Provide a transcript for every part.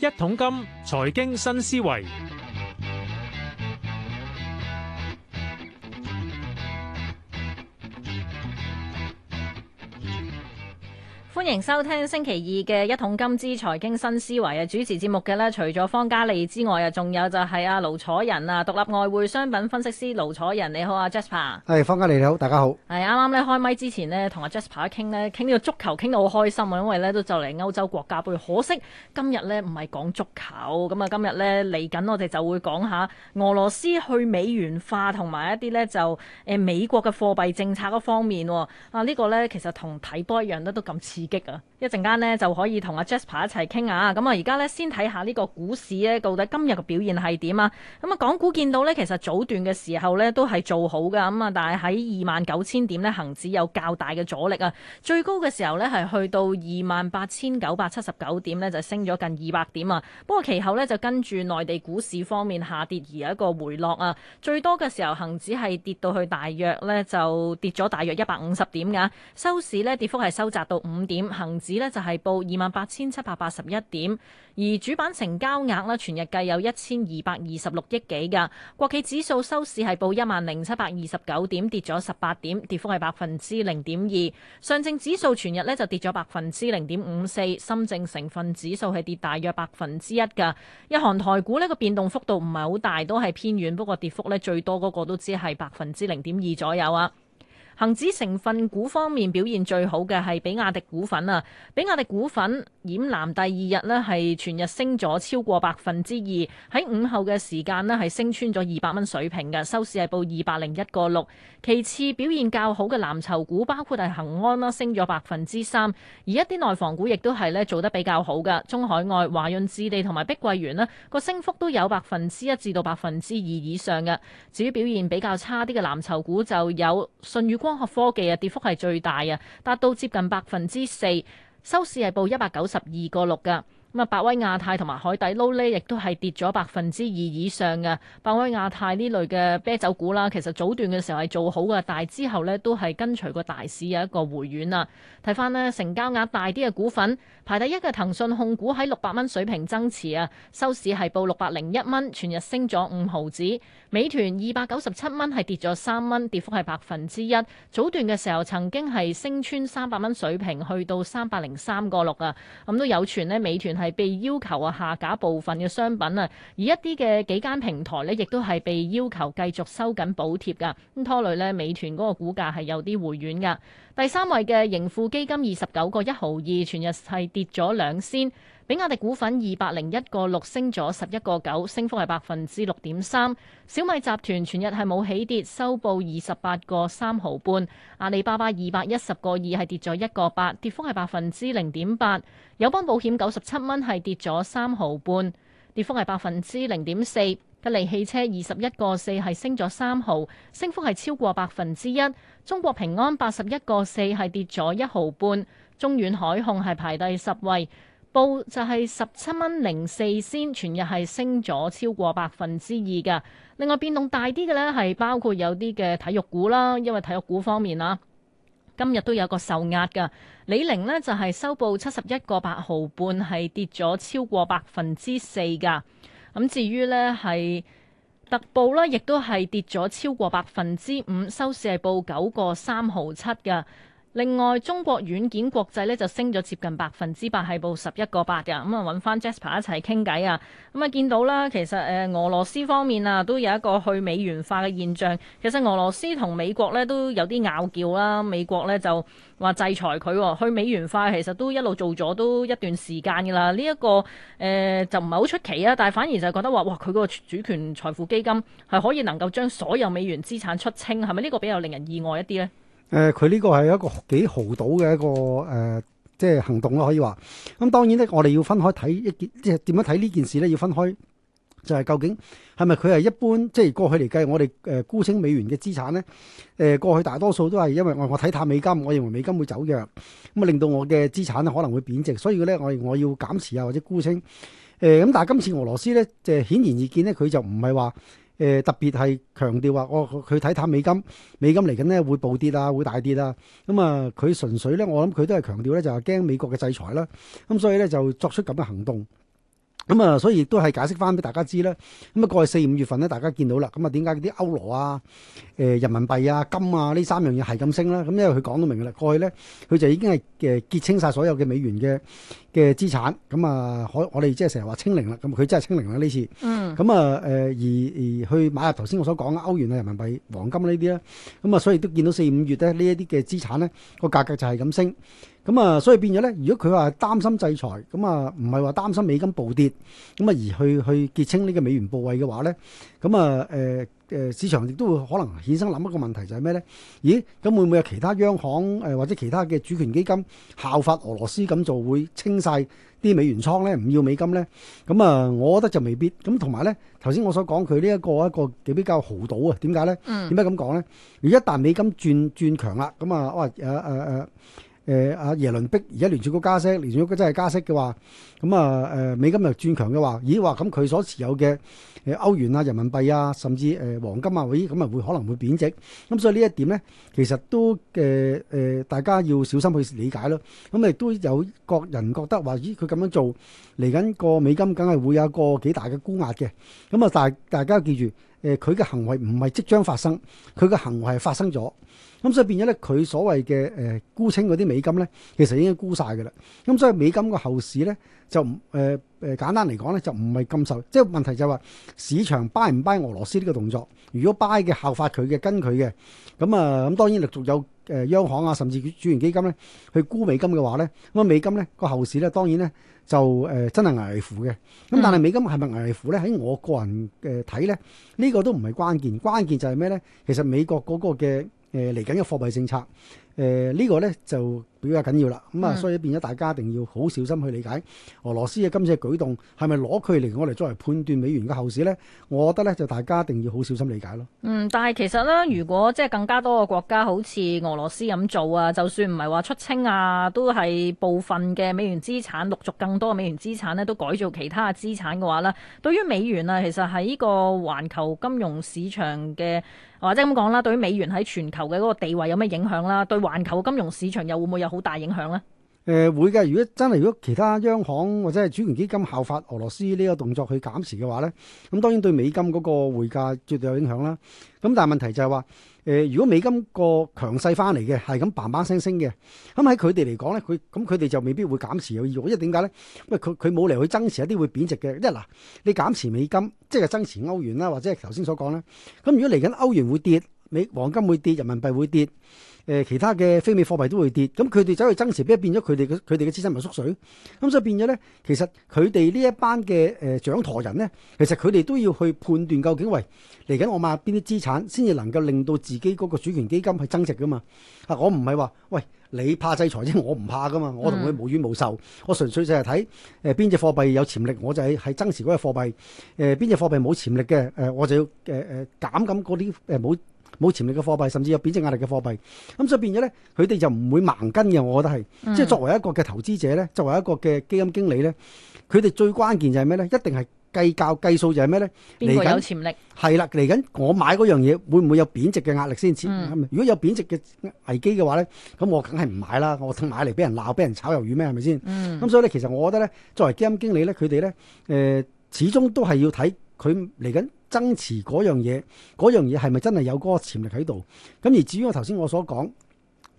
一桶金，財經新思維。歡迎收聽星期二嘅一桶金之財經新思維啊！主持節目嘅咧，除咗方嘉莉之外啊，仲有就係阿盧楚仁啊，獨立外匯商品分析師盧楚仁，你好啊，Jasper。係 Jas 方嘉莉你好，大家好。係啱啱咧開麥之前咧，同阿 Jasper 傾咧，傾呢個足球傾得好開心啊，因為咧都就嚟歐洲國家杯，不過可惜今日呢唔係講足球，咁啊今日咧嚟緊我哋就會講下俄羅斯去美元化同埋一啲咧就誒美國嘅貨幣政策方面。啊呢、呢個呢，其實同睇波一樣都都咁刺激。一陣間咧就可以同阿 Jasper 一齊傾下。咁啊，而家咧先睇下呢個股市咧，到底今日嘅表現係點啊？咁啊，港股見到呢，其實早段嘅時候呢都係做好噶，咁啊，但係喺二萬九千點呢，恒指有較大嘅阻力啊。最高嘅時候呢，係去到二萬八千九百七十九點呢，就升咗近二百點啊。不過其後呢，就跟住內地股市方面下跌而有一個回落啊。最多嘅時候，恒指係跌到去大約呢，就跌咗大約一百五十點㗎。收市呢，跌幅係收窄到五點。恒指咧就係報二萬八千七百八十一點，而主板成交額咧全日計有一千二百二十六億幾噶。國企指數收市係報一萬零七百二十九點，跌咗十八點，跌幅係百分之零點二。上證指數全日呢就跌咗百分之零點五四，深證成分指數係跌大約百分之一噶。日韓台股呢個變動幅度唔係好大，都係偏軟，不過跌幅呢最多嗰個都只係百分之零點二左右啊。恒指成分股方面表現最好嘅係比亞迪股份啊，比亞迪股份染藍第二日咧，係全日升咗超過百分之二，喺午後嘅時間咧係升穿咗二百蚊水平嘅，收市係報二百零一個六。其次表現較好嘅藍籌股包括係恒安啦，升咗百分之三，而一啲內房股亦都係咧做得比較好嘅，中海外、華潤置地同埋碧桂園咧個升幅都有百分之一至到百分之二以上嘅。至於表現比較差啲嘅藍籌股就有信譽光學科技啊，跌幅係最大啊，達到接近百分之四，收市係報一百九十二個六噶。咁啊，百威亞太同埋海底撈呢，亦都係跌咗百分之二以上嘅。百威亞太呢類嘅啤酒股啦，其實早段嘅時候係做好嘅，但係之後呢，都係跟隨個大市有一個回暖啊。睇翻呢，成交額大啲嘅股份，排第一嘅騰訊控股喺六百蚊水平增持啊，收市係報六百零一蚊，全日升咗五毫子。美團二百九十七蚊係跌咗三蚊，跌幅係百分之一。早段嘅時候曾經係升穿三百蚊水平，去到三百零三個六啊，咁都有傳呢美團。係被要求啊下架部分嘅商品啊，而一啲嘅幾間平台咧，亦都係被要求繼續收緊補貼噶，拖累呢，美團嗰個股價係有啲回軟噶第三位嘅盈富基金二十九個一毫二，全日係跌咗兩仙。比亞迪股份二百零一個六升咗十一個九，升幅係百分之六點三。小米集團全日係冇起跌，收報二十八個三毫半。阿里巴巴二百一十個二係跌咗一個八，跌幅係百分之零點八。友邦保險九十七蚊係跌咗三毫半，跌幅係百分之零點四。吉利汽車二十一個四係升咗三毫，升幅係超過百分之一。中國平安八十一個四係跌咗一毫半。中遠海控係排第十位。報就係十七蚊零四仙，全日係升咗超過百分之二嘅。另外，變動大啲嘅呢係包括有啲嘅體育股啦，因為體育股方面啦，今日都有一個受壓嘅。李寧呢就係收報七十一個八毫半，係跌咗超過百分之四嘅。咁至於呢，係特步啦，亦都係跌咗超過百分之五，收市係報九個三毫七嘅。另外，中國軟件國際咧就升咗接近百分之八，係報十一個八㗎。咁啊，揾翻 Jasper 一齊傾偈啊。咁啊，見到啦，其實誒、呃、俄羅斯方面啊，都有一個去美元化嘅現象。其實俄羅斯同美國咧都有啲拗撬啦。美國咧就話制裁佢、哦，去美元化其實都一路做咗都一段時間㗎啦。呢、這、一個誒、呃、就唔係好出奇啊，但係反而就覺得話哇，佢嗰個主權財富基金係可以能夠將所有美元資產出清，係咪呢個比較令人意外一啲呢？誒，佢呢、呃、個係一個幾豪賭嘅一個誒、呃，即係行動咯，可以話。咁、嗯、當然咧，我哋要分開睇一件，即係點樣睇呢件事咧，要分開。就係究竟係咪佢係一般，即係過去嚟計，我哋誒沽清美元嘅資產咧？誒、呃，過去大多數都係因為我我睇淡美金，我認為美金會走弱，咁啊令到我嘅資產可能會貶值，所以咧我我要減持啊或者沽清。誒、呃，咁但係今次俄羅斯咧，即係顯而易見咧，佢就唔係話。誒、呃、特別係強調話，我佢睇淡美金，美金嚟緊咧會暴跌啊，會大跌啊。咁、嗯、啊，佢純粹咧，我諗佢都係強調咧，就係驚美國嘅制裁啦。咁所以咧就作出咁嘅行動。咁、嗯、啊，所以亦都係解釋翻俾大家知啦。咁、嗯、啊，過去四五月份咧，大家見到啦。咁、嗯、啊，點解啲歐羅啊、誒、呃、人民幣啊、金啊呢三樣嘢係咁升啦？咁、嗯、因為佢講到明㗎啦，過去咧佢就已經係誒結清晒所有嘅美元嘅。嘅資產咁啊，可我哋即係成日話清零啦，咁佢真係清零啦呢次。咁啊、嗯，誒、嗯、而而去買下頭先我所講嘅歐元啊、人民幣、黃金呢啲咧，咁、嗯、啊，所以都見到四五月咧呢一啲嘅資產咧個價格就係咁升。咁、嗯、啊、嗯，所以變咗咧，如果佢話擔心制裁，咁、嗯、啊，唔係話擔心美金暴跌，咁、嗯、啊，而去去結清呢個美元部位嘅話咧，咁啊誒。嗯嗯誒市場亦都會可能衍生諗一個問題就係咩呢？咦，咁會唔會有其他央行誒或者其他嘅主權基金效法俄羅斯咁做，會清晒啲美元倉呢？唔要美金呢？咁啊，我覺得就未必。咁同埋呢，頭先我所講佢呢一個一個比較豪賭啊？點解呢？點解咁講呢？而一旦美金轉轉強啦，咁啊，哇、呃！誒誒誒。呃呃誒阿耶倫逼而家聯儲局加息，聯儲局真係加息嘅話，咁啊誒美金又轉強嘅話，咦話咁佢所持有嘅歐元啊、人民幣啊，甚至誒、呃、黃金啊咦，咁啊，會可能會貶值。咁所以呢一點咧，其實都誒誒、呃，大家要小心去理解咯。咁亦都有各人覺得話咦，佢咁樣做嚟緊個美金，梗係會有一個幾大嘅沽壓嘅。咁啊，大大家記住。誒，佢嘅、呃、行為唔係即將發生，佢嘅行為係發生咗，咁、嗯、所以變咗咧，佢所謂嘅誒沽清嗰啲美金咧，其實已經沽晒㗎啦。咁、嗯、所以美金個後市咧就唔誒誒、呃、簡單嚟講咧就唔係咁受，即係問題就係話市場 buy 唔 buy 俄羅斯呢個動作？如果 buy 嘅效法佢嘅跟佢嘅，咁、嗯、啊咁當然陸續有誒央行啊，甚至主權基金咧去沽美金嘅話咧，咁啊美金咧個後市咧當然咧。就誒、呃、真係挨苦嘅，咁但係美金係咪挨苦咧？喺、嗯、我個人嘅睇咧，呢、呢個都唔係關鍵，關鍵就係咩咧？其實美國嗰個嘅誒嚟緊嘅貨幣政策。誒呢、呃這個呢就比較緊要啦，咁啊，所以變咗大家一定要好小心去理解、嗯、俄羅斯嘅今次嘅舉動係咪攞佢嚟我哋作為判斷美元嘅後市呢？我覺得呢，就大家一定要好小心理解咯。嗯，但係其實呢，如果即係更加多嘅國家好似俄羅斯咁做啊，就算唔係話出清啊，都係部分嘅美元資產，陸續更多嘅美元資產呢，都改造其他嘅資產嘅話呢，對於美元啊，其實喺呢個環球金融市場嘅或者咁講啦，對於美元喺全球嘅嗰個地位有咩影響啦？對。環球金融市場又會唔會有好大影響咧？誒、嗯，會嘅。如果真係如果其他央行或者係主權基金效法俄羅斯呢個動作去減持嘅話咧，咁當然對美金嗰個匯價絕對有影響啦。咁但係問題就係話，誒、呃，如果美金個強勢翻嚟嘅，係咁叭叭聲升嘅，咁喺佢哋嚟講咧，佢咁佢哋就未必會減持有意欲。因為點解咧？因為，佢佢冇嚟去增持一啲會貶值嘅。因為嗱，你減持美金即係增持歐元啦，或者係頭先所講咧。咁如果嚟緊歐元會跌。美黃金會跌，人民幣會跌，誒、呃、其他嘅非美貨幣都會跌。咁佢哋走去增持，變咗佢哋嘅佢哋嘅資產咪縮水。咁、嗯、所以變咗咧，其實佢哋呢一班嘅誒掌舵人咧，其實佢哋都要去判斷究竟喂，嚟緊我買邊啲資產先至能夠令到自己嗰個主權基金係增值噶嘛。啊，我唔係話喂，你怕制裁啫，我唔怕噶嘛。我同佢無冤無仇，嗯、我純粹就係睇誒邊隻貨幣有潛力，我就係係增持嗰隻貨幣。誒邊隻貨幣冇潛力嘅，誒、呃、我就要誒誒減咁嗰啲誒冇。呃呃呃呃冇潛力嘅貨幣，甚至有貶值壓力嘅貨幣，咁、嗯、所以變咗咧，佢哋就唔會盲跟嘅。我覺得係，即係、嗯、作為一個嘅投資者咧，作為一個嘅基金經理咧，佢哋最關鍵就係咩咧？一定係計較計數就係咩咧？邊個有潛力？係啦，嚟緊我買嗰樣嘢會唔會有貶值嘅壓力先？嗯、如果有貶值嘅危機嘅話咧，咁我梗係唔買啦。我買嚟俾人鬧，俾人炒魷魚咩？係咪先？咁、嗯嗯嗯、所以咧，其實我覺得咧，作為基金經理咧，佢哋咧，誒、呃，始終都係要睇。佢嚟緊增持嗰樣嘢，嗰樣嘢係咪真係有嗰個潛力喺度？咁而至於我頭先我所講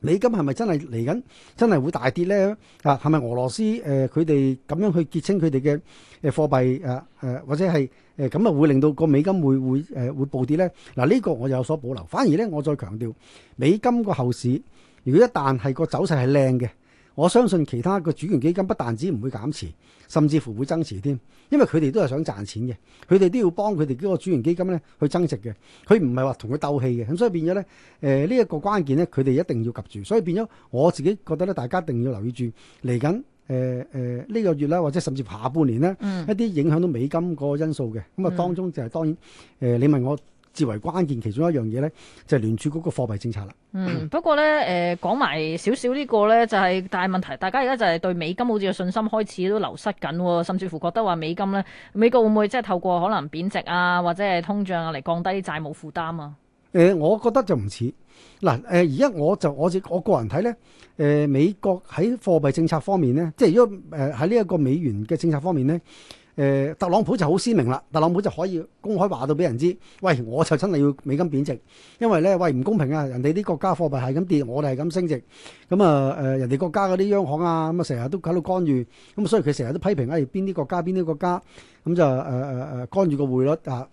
美金係咪真係嚟緊真係會大跌咧？啊，係咪俄羅斯誒佢哋咁樣去結清佢哋嘅誒貨幣誒誒、呃，或者係誒咁啊，呃、會令到個美金會會誒、呃、會暴跌咧？嗱、呃、呢、呢個我有所保留，反而咧我再強調美金個後市，如果一旦係個走勢係靚嘅。我相信其他嘅主權基金不但止唔會減持，甚至乎會增持添，因為佢哋都係想賺錢嘅，佢哋都要幫佢哋幾個主權基金咧去增值嘅。佢唔係話同佢鬥氣嘅，咁所以變咗咧，誒呢一個關鍵咧，佢哋一定要及住。所以變咗、呃這個、我自己覺得咧，大家一定要留意住嚟緊誒誒呢個月啦，或者甚至下半年咧、嗯、一啲影響到美金個因素嘅咁啊，嗯嗯、當中就係、是、當然誒、呃，你問我。至為關鍵其中一樣嘢咧，就係聯儲局個貨幣政策啦。嗯，不過咧，誒、呃、講埋少少呢個咧，就係但係問題，大家而家就係對美金好似有信心，開始都流失緊，甚至乎覺得話美金咧，美國會唔會即係透過可能貶值啊，或者係通脹啊嚟降低債務負擔啊？誒、呃，我覺得就唔似嗱，誒而家我就我我個人睇咧，誒、呃、美國喺貨幣政策方面咧，即係如果誒喺呢一個美元嘅政策方面咧。誒、呃，特朗普就好鮮明啦，特朗普就可以公開話到俾人知，喂，我就真係要美金貶值，因為咧，喂，唔公平啊，人哋啲國家貨幣係咁跌，我哋係咁升值，咁、嗯、啊，誒、呃，人哋國家嗰啲央行啊，咁、嗯、啊，成日都喺度干預，咁、嗯、所以佢成日都批評，誒、哎，邊啲國家，邊啲國家，咁、嗯、就誒誒誒干預個匯率啊，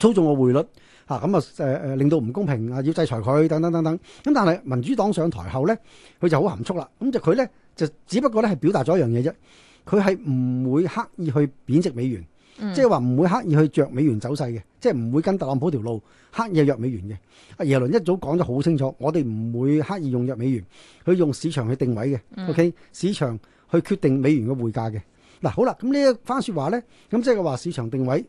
操縱個匯率，吓，咁啊，誒、嗯、誒、嗯嗯，令到唔公平啊，要制裁佢等等等等，咁但係民主黨上台後咧，佢就好含蓄啦，咁就佢咧就只不過咧係表達咗一樣嘢啫。佢係唔會刻意去貶值美元，嗯、即係話唔會刻意去着美元走勢嘅，即係唔會跟特朗普條路刻意弱美元嘅。阿耶倫一早講得好清楚，我哋唔會刻意用弱美元，佢用市場去定位嘅。嗯、o、okay? K，市場去決定美元嘅匯價嘅。嗱、啊，好啦，咁呢一番説話咧，咁即係話市場定位。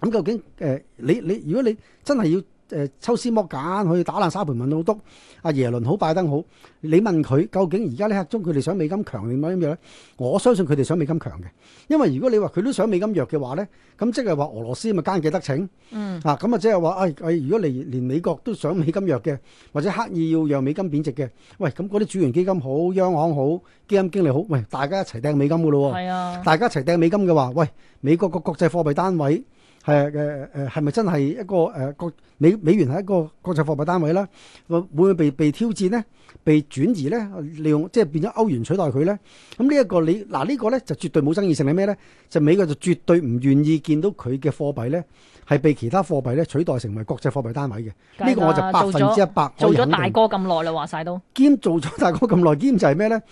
咁究竟誒、呃、你你，如果你真係要？誒，抽絲剝繭去打爛沙盆問到篤，阿耶倫好，拜登好，你問佢究竟而家呢刻鐘佢哋想美金強定乜嘢咧？我相信佢哋想美金強嘅，因為如果你話佢都想美金弱嘅話咧，咁即係話俄羅斯咪奸計得逞？嗯，啊咁啊即係話，哎哎，如果你連美國都想美金弱嘅，或者刻意要讓美金貶值嘅，喂，咁嗰啲主權基金好，央行好，基金經理好，喂，大家一齊掟美金噶咯喎，係啊，大家一齊掟美金嘅話，喂，美國個國際貨幣單位。係誒誒係咪真係一個誒國、呃、美美元係一個國際貨幣單位啦？會會唔會被被挑戰咧？被轉移咧？利用即係變咗歐元取代佢咧？咁呢一個你嗱、啊這個、呢個咧就絕對冇爭議性係咩咧？就美國就絕對唔願意見到佢嘅貨幣咧係被其他貨幣咧取代成為國際貨幣單位嘅。呢個我就百分之一百可以肯定。做咗大哥咁耐啦，話晒都兼做咗大哥咁耐，兼就係咩咧？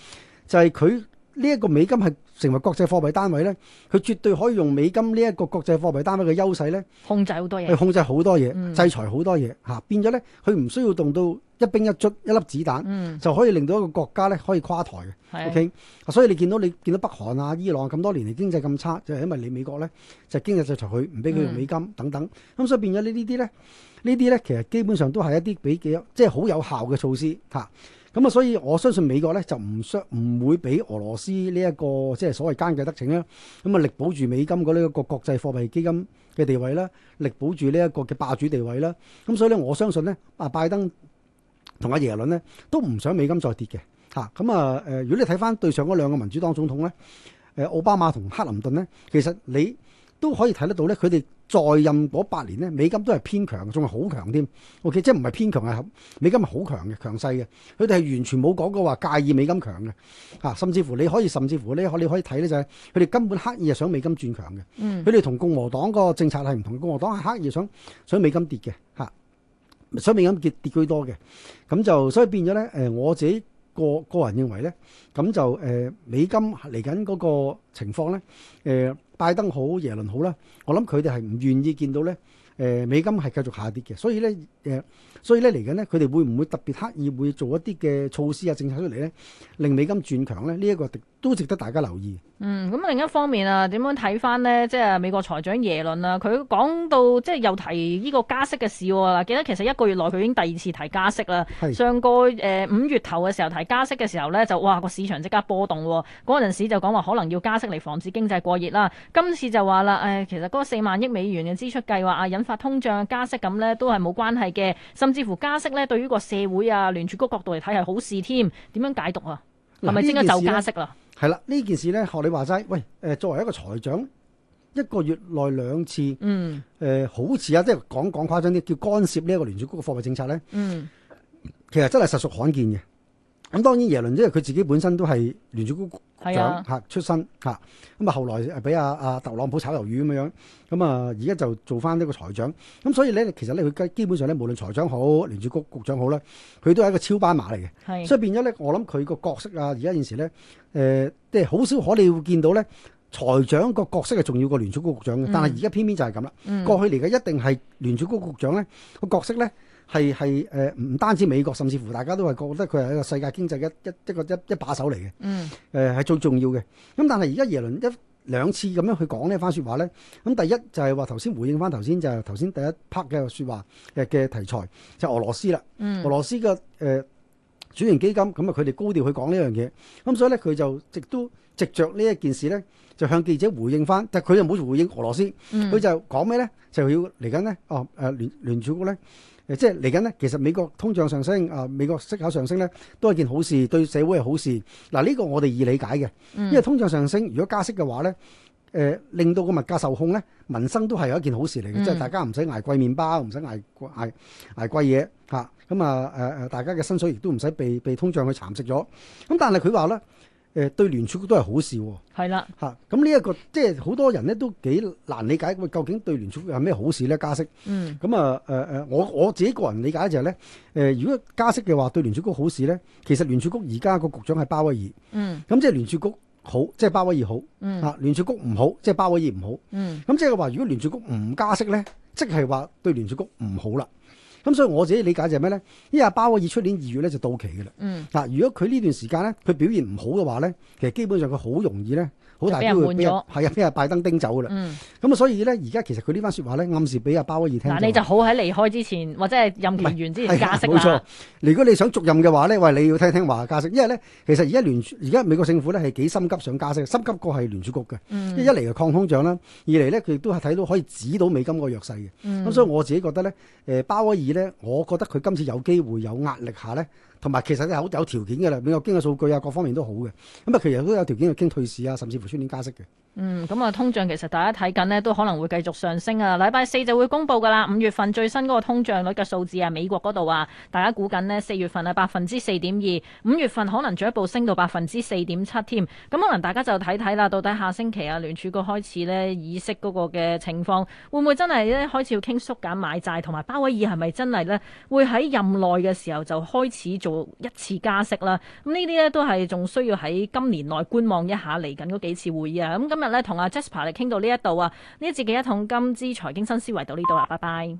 就係佢呢一個美金係成為國際貨幣單位呢，佢絕對可以用美金呢一個國際貨幣單位嘅優勢呢，控制好多嘢，去控制好多嘢，嗯、制裁好多嘢，吓、啊、變咗呢，佢唔需要動到一兵一卒一粒子彈，嗯、就可以令到一個國家呢可以垮台嘅。的 o、okay? K，所以你見到你見到北韓啊、伊朗咁、啊、多年嚟經濟咁差，就係、是、因為你美國呢，就是、經濟制裁佢，唔俾佢用美金等等，咁、嗯嗯、所以變咗呢呢啲呢，呢啲呢其實基本上都係一啲比幾即係好有效嘅措施吓。啊咁啊，所以我相信美國咧就唔相唔會俾俄羅斯呢一個即係所謂奸計得逞啦。咁啊，力保住美金嗰呢一個國際貨幣基金嘅地位啦，力保住呢一個嘅霸主地位啦。咁所以咧，我相信咧，阿拜登同阿耶倫咧都唔想美金再跌嘅嚇。咁啊，誒，如果你睇翻對上嗰兩個民主黨總統咧，誒，奧巴馬同克林頓咧，其實你，都可以睇得到咧，佢哋在任嗰八年咧，美金都係偏強，仲係好強添。OK，即係唔係偏強，係美金係好強嘅，強勢嘅。佢哋係完全冇講過話介意美金強嘅，吓，甚至乎你可以，甚至乎咧，你可以睇咧就係，佢哋根本刻意係想美金轉強嘅。嗯，佢哋同共和黨個政策係唔同，共和黨係刻意想，想美金跌嘅，吓，想美金跌跌居多嘅。咁就所以變咗咧，誒，我自己個個人認為咧，咁就誒，美金嚟緊嗰個情況咧，誒。拜登好，耶倫好啦，我諗佢哋係唔願意見到咧。誒、呃、美金係繼續下跌嘅，所以咧誒、呃，所以咧嚟緊呢，佢哋會唔會特別刻意會做一啲嘅措施啊政策出嚟呢，令美金轉強呢，呢、這、一個都值得大家留意。嗯，咁另一方面啊，點樣睇返呢？即係美國財長耶倫啦、啊，佢講到即係又提呢個加息嘅事嗱、啊。記得其實一個月內佢已經第二次提加息啦。是上個誒五、呃、月頭嘅時候提加息嘅時候呢，就哇個市場即刻波動喎、啊。嗰陣時就講話可能要加息嚟防止經濟過熱啦、啊。今次就話啦，誒其實嗰四萬億美元嘅支出計劃啊發通脹加息咁咧都係冇關係嘅，甚至乎加息咧對於個社會啊，聯儲局角度嚟睇係好事添，點樣解讀啊？係咪應該就加息啦？係啦，呢件事咧學你話齋，喂，誒、呃，作為一個財長，一個月內兩次，誒、嗯呃，好似啊，即係講講誇張啲，叫干涉呢一個聯儲局嘅貨幣政策咧，嗯、其實真係實屬罕見嘅。咁當然耶倫，因為佢自己本身都係聯儲局局長出身嚇，咁啊後來俾阿阿特朗普炒魷魚咁樣，咁啊而家就做翻呢個財長，咁所以咧，其實咧佢基本上咧，無論財長好聯儲局局長好咧，佢都係一個超班馬嚟嘅，所以變咗咧，我諗佢個角色啊，而家現時咧，誒即係好少可你會見到咧，財長個角色係重要過聯儲局局長嘅，但係而家偏偏就係咁啦，過去嚟嘅一定係聯儲局局長咧個角色咧。係係誒，唔唔單止美國，甚至乎大家都係覺得佢係一個世界經濟嘅一一一個一一把手嚟嘅。嗯。誒係最重要嘅。咁但係而家耶倫一兩次咁樣去講呢番説話咧。咁第一就係話頭先回應翻頭先就係頭先第一 part 嘅説話嘅嘅題材就係俄羅斯啦。俄羅斯嘅誒主要基金咁啊，佢哋高調去講呢樣嘢。咁所以咧，佢就直都直着呢一件事咧，就向記者回應翻。但係佢就冇回應俄羅斯。佢就講咩咧？就要嚟緊咧。哦誒，聯聯儲局咧。誒，即係嚟緊咧，其實美國通脹上升，啊，美國息口上升咧，都係件好事，對社會係好事。嗱、啊、呢、這個我哋易理解嘅，因為通脹上升，如果加息嘅話咧，誒、呃，令到個物價受控咧，民生都係有一件好事嚟嘅。嗯、即係大家唔使挨貴麵包，唔使挨挨挨貴嘢吓，咁啊，誒、啊、誒、啊，大家嘅薪水亦都唔使被被通脹去蠶食咗。咁、啊、但係佢話咧。誒對聯儲局都係好事喎，啊，係啦嚇。咁呢一個即係好多人咧都幾難理解，究竟對聯儲局係咩好事咧？加息，嗯，咁啊誒誒，我我自己個人理解就係咧誒，如果加息嘅話對聯儲局好事咧，其實聯儲局而家個局長係鮑威爾，嗯，咁即係聯儲局好，即係鮑威爾好，嗯啊，聯儲局唔好，即係鮑威爾唔好，嗯，咁即係話如果聯儲局唔加息咧，即係話對聯儲局唔好啦。咁所以我自己理解就係咩咧？因為鮑威爾出年二月咧就到期嘅啦。嗱、嗯，如果佢呢段時間咧，佢表現唔好嘅話咧，其實基本上佢好容易咧。好大機會係啊，俾阿拜登釘走噶啦。咁啊、嗯，所以咧，而家其實佢呢番説話咧，暗示俾阿鮑威爾聽。嗱，你就好喺離開之前或者係任期完，完之前加息。冇錯，如果你想續任嘅話咧，喂，你要聽聽話加息，因為咧，其實而家聯而家美國政府咧係幾心急想加息，心急過係聯儲局嘅。嗯、一嚟係抗通脹啦，二嚟咧佢亦都係睇到可以指到美金個弱勢嘅。咁、嗯、所以我自己覺得咧，誒鮑威爾咧，我覺得佢今次有機會有壓力下咧。同埋其實有條件嘅啦，美國經濟數據啊各方面都好嘅，咁啊其實都有條件去傾退市啊，甚至乎出年加息嘅、嗯。嗯，咁啊通脹其實大家睇緊呢都可能會繼續上升啊，禮拜四就會公布噶啦，五月份最新嗰個通脹率嘅數字啊，美國嗰度啊，大家估緊呢，四月份係百分之四點二，五月份可能進一步升到百分之四點七添。咁可能大家就睇睇啦，到底下星期啊聯儲局開始呢議息嗰個嘅情況，會唔會真係咧開始要傾縮減買債，同埋鮑威爾係咪真係呢會喺任內嘅時候就開始做一次加息啦，咁呢啲咧都係仲需要喺今年內觀望一下嚟緊嗰幾次會議啊。咁今日咧同阿 Jasper 嚟傾到呢一度啊，呢一節嘅一桶金之財經新思維到呢度啦，拜拜。